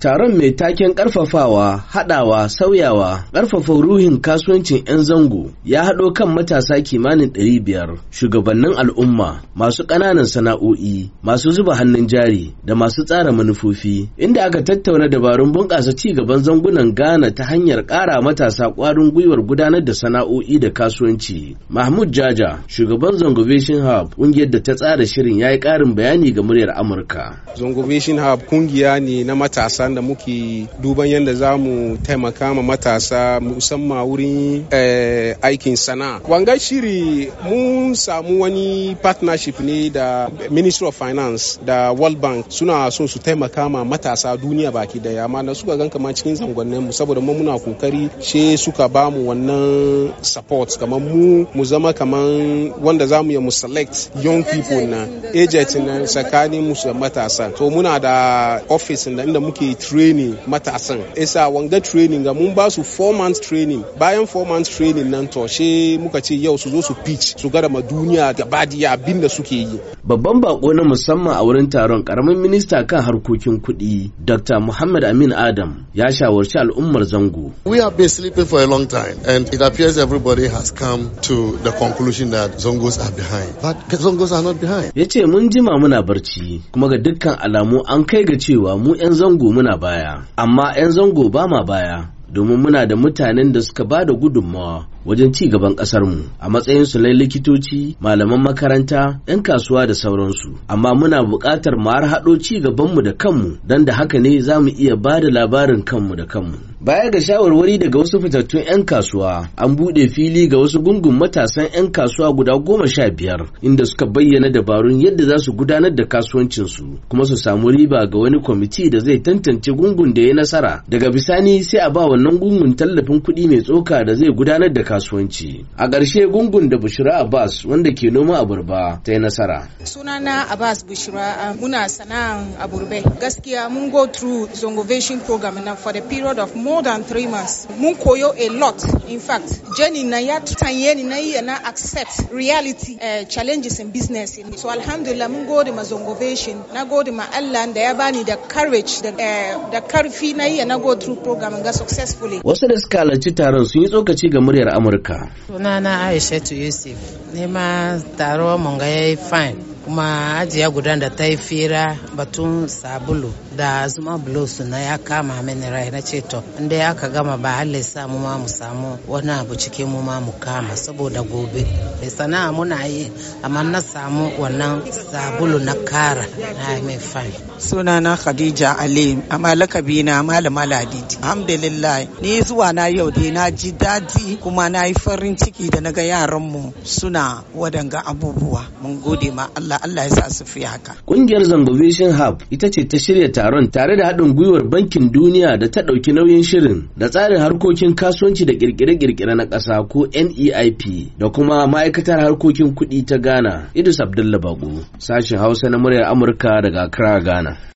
Taron mai taken ƙarfafawa, haɗawa, sauyawa, ƙarfafa ruhin kasuwancin 'yan zango ya haɗo kan matasa kimanin 500, shugabannin al'umma, masu ƙananan sana'o'i, masu zuba hannun jari da masu tsara manufofi, inda aka tattauna dabarun bunƙasa ci gaban zangunan Ghana ta hanyar ƙara matasa ƙwarin gwiwar gudanar da sana'o'i da kasuwanci. Mahmud Jaja, shugaban Zango Hub, ƙungiyar da ta tsara shirin ya yi ƙarin bayani ga muryar Amurka. Zango Hub ƙungiya ne na matasa sa'an da muke duban yadda za mu taimaka ma matasa musamman wurin eh, aikin sana'a wanga shiri mun samu wani partnership ne da ministry of finance da world bank suna so su taimaka ma matasa duniya baki daya yamma na suka gan kama cikin zangonnin mu saboda mu muna kokari she suka ba mu wannan support kamar mu mu zama kaman wanda za mu ya mu select young people na agent na tsakanin musu matasa to muna da office da inda muke training matasan isa wanga training ga mun ba su 4 months training bayan 4 months training nan to she muka ce yau su zo su pitch su gara ma duniya gabadiya abin da suke yi babban bako na musamman a wurin taron karamin minista kan harkokin kuɗi dr muhammad amin adam ya shawarci al'ummar zango we have been sleeping for a long time and it appears everybody has come to the conclusion that zongos are behind but zongos are not behind yace mun jima muna barci kuma ga dukkan alamu an kai ga cewa mu 'yan zango muna muna baya amma 'yan zango ba ma baya domin muna da mutanen da suka ba da gudunmawa wajen ci gaban ƙasarmu a matsayin su likitoci malaman makaranta 'yan kasuwa da sauransu amma muna buƙatar mu har haɗo ci gabanmu da kanmu don da haka ne za mu iya ba da labarin kanmu da kanmu baya ga shawarwari daga wasu fitattun 'yan kasuwa an buɗe fili ga wasu gungun matasan 'yan kasuwa guda goma sha biyar inda suka bayyana dabarun yadda za su gudanar da kasuwancinsu kuma su samu riba ga wani kwamiti da zai tantance gungun da ya nasara daga bisani sai a ba wannan gungun tallafin kuɗi mai tsoka da zai gudanar da kasuwanci a ƙarshe gungun da bushira abbas wanda ke noma abarba ta yi nasara sunana abbas bushira muna sana'an aburbe gaskiya mun go through zongovation program na for the period of more than three months mun koyo a lot in fact jeni na ya tanye ni na iya na accept reality uh, challenges in business so alhamdulillah mun gode ma zongovation na gode ma allah da ya bani da courage da, eh, karfi na iya na go through program ga successfully wasu da suka halarci taron sun yi tsokaci ga muryar amurka sunana aisha yusuf nema taro mun ga yayi fine kuma ajiya guda da ta yi fira batun sabulu da zuma bulos na ya kama mini rai na ce to inda ya ka gama ba halle sa mu ma mu samu wani abu cikin mu ma mu kama saboda gobe da sana'a muna yi amma na samu wannan sabulu na kara na mai fani sunana khadija ali amma lakabi na malama ladidi alhamdulillah ni zuwa na yau dai na ji daji kuma na yi farin ciki da na ga yaran mu. suna wadanga abubuwa mun gode ma Allah Allah Allah ya sa su fi haka kungiyar Zango Vision Hub ita ce ta shirya taron tare da haɗin gwiwar bankin duniya da ta ɗauki nauyin shirin da tsarin harkokin kasuwanci da ƙirƙire-ƙirƙire na ƙasa ko NEIP da kuma ma'aikatar harkokin kuɗi ta Ghana Idris Abdullahi Bago sashin Hausa na muryar Amurka daga Accra Ghana